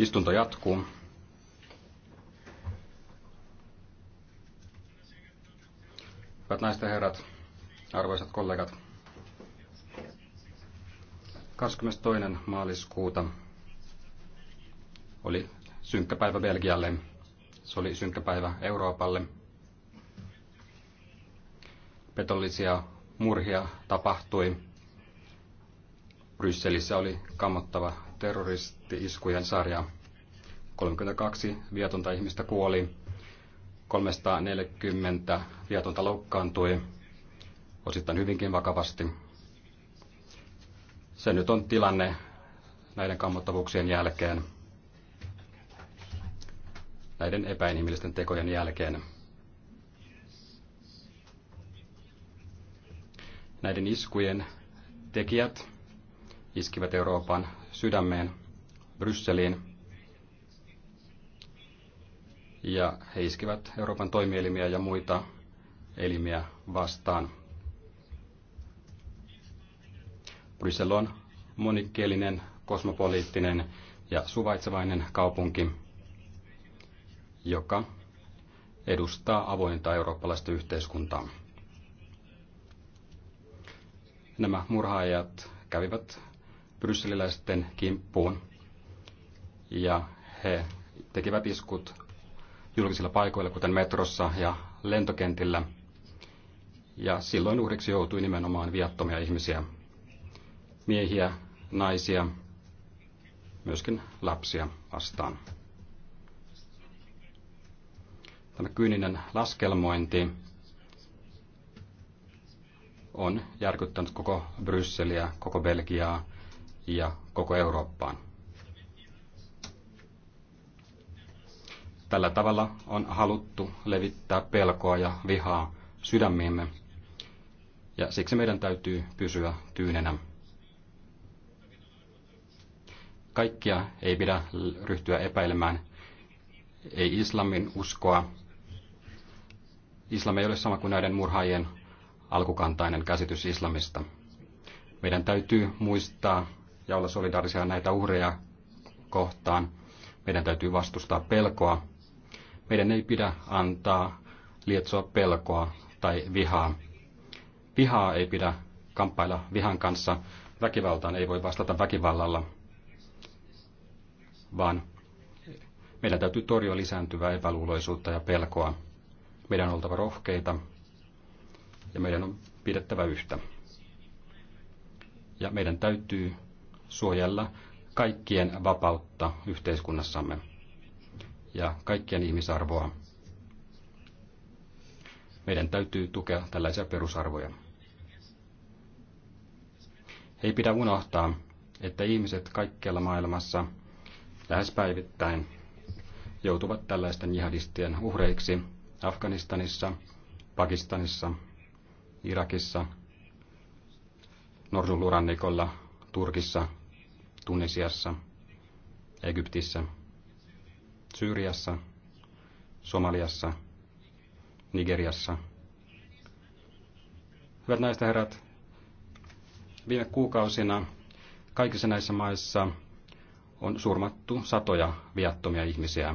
Istunto jatkuu. Hyvät naiset ja herrat, arvoisat kollegat. 22. maaliskuuta oli synkkä päivä Belgialle. Se oli synkkä päivä Euroopalle. Petollisia murhia tapahtui. Brysselissä oli kammottava terroristi-iskujen sarja. 32 vietonta ihmistä kuoli, 340 vietonta loukkaantui, osittain hyvinkin vakavasti. Se nyt on tilanne näiden kammottavuuksien jälkeen, näiden epäinhimillisten tekojen jälkeen. Näiden iskujen tekijät iskivät Euroopan sydämeen, Brysseliin. Ja he iskivät Euroopan toimielimiä ja muita elimiä vastaan. Bryssel on monikielinen, kosmopoliittinen ja suvaitsevainen kaupunki, joka edustaa avointa eurooppalaista yhteiskuntaa. Nämä murhaajat kävivät brysseliläisten kimppuun. Ja he tekivät iskut julkisilla paikoilla, kuten metrossa ja lentokentillä. Ja silloin uhriksi joutui nimenomaan viattomia ihmisiä, miehiä, naisia, myöskin lapsia vastaan. Tämä kyyninen laskelmointi on järkyttänyt koko Brysseliä, koko Belgiaa ja koko Eurooppaan. Tällä tavalla on haluttu levittää pelkoa ja vihaa sydämiimme, ja siksi meidän täytyy pysyä tyynenä. Kaikkia ei pidä ryhtyä epäilemään, ei islamin uskoa. Islam ei ole sama kuin näiden murhaajien alkukantainen käsitys islamista. Meidän täytyy muistaa ja olla solidaarisia näitä uhreja kohtaan. Meidän täytyy vastustaa pelkoa. Meidän ei pidä antaa lietsoa pelkoa tai vihaa. Vihaa ei pidä kamppailla vihan kanssa. Väkivaltaan ei voi vastata väkivallalla, vaan meidän täytyy torjua lisääntyvää epäluuloisuutta ja pelkoa. Meidän on oltava rohkeita ja meidän on pidettävä yhtä. Ja meidän täytyy suojella kaikkien vapautta yhteiskunnassamme ja kaikkien ihmisarvoa. Meidän täytyy tukea tällaisia perusarvoja. Ei pidä unohtaa, että ihmiset kaikkialla maailmassa lähes päivittäin joutuvat tällaisten jihadistien uhreiksi Afganistanissa, Pakistanissa, Irakissa, Norsunluurannikolla, Turkissa Tunisiassa, Egyptissä, Syyriassa, Somaliassa, Nigeriassa. Hyvät naiset ja herrat, viime kuukausina kaikissa näissä maissa on surmattu satoja viattomia ihmisiä.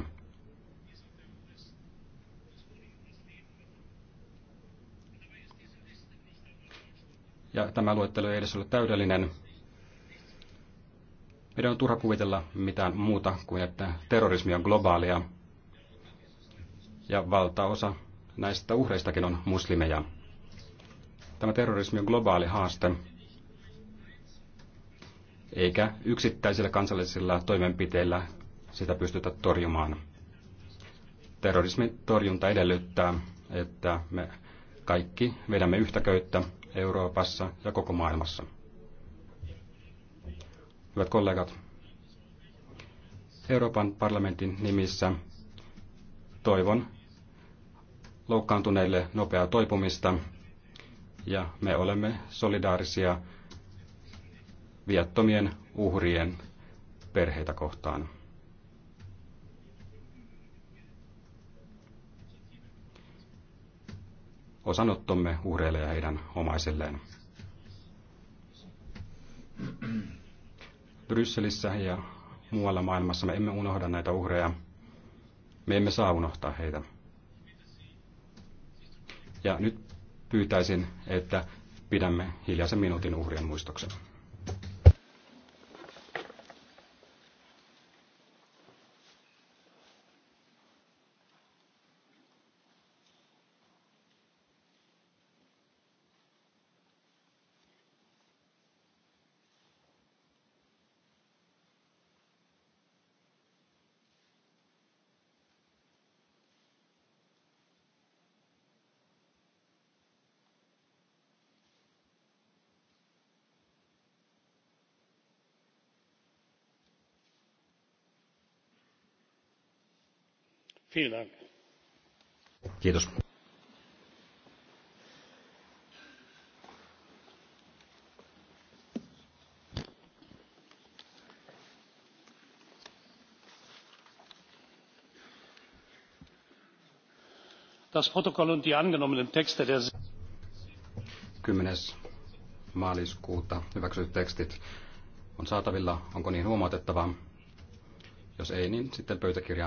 Ja tämä luettelo ei edes ole täydellinen, meidän on turha kuvitella mitään muuta kuin, että terrorismi on globaalia ja valtaosa näistä uhreistakin on muslimeja. Tämä terrorismi on globaali haaste, eikä yksittäisillä kansallisilla toimenpiteillä sitä pystytä torjumaan. Terrorismin torjunta edellyttää, että me kaikki vedämme yhtäköyttä Euroopassa ja koko maailmassa. Hyvät kollegat, Euroopan parlamentin nimissä toivon loukkaantuneille nopeaa toipumista ja me olemme solidaarisia viattomien uhrien perheitä kohtaan. Osanottomme uhreille ja heidän omaisilleen. Brysselissä ja muualla maailmassa me emme unohda näitä uhreja. Me emme saa unohtaa heitä. Ja nyt pyytäisin, että pidämme hiljaisen minuutin uhrien muistoksen. Kiitos. das protokoll und die angenommenen texte der. kymmenes maaliskuuta hyväksytyt tekstit on saatavilla. Onko niin huomautettavaa? Jos ei, niin sitten pöytäkirja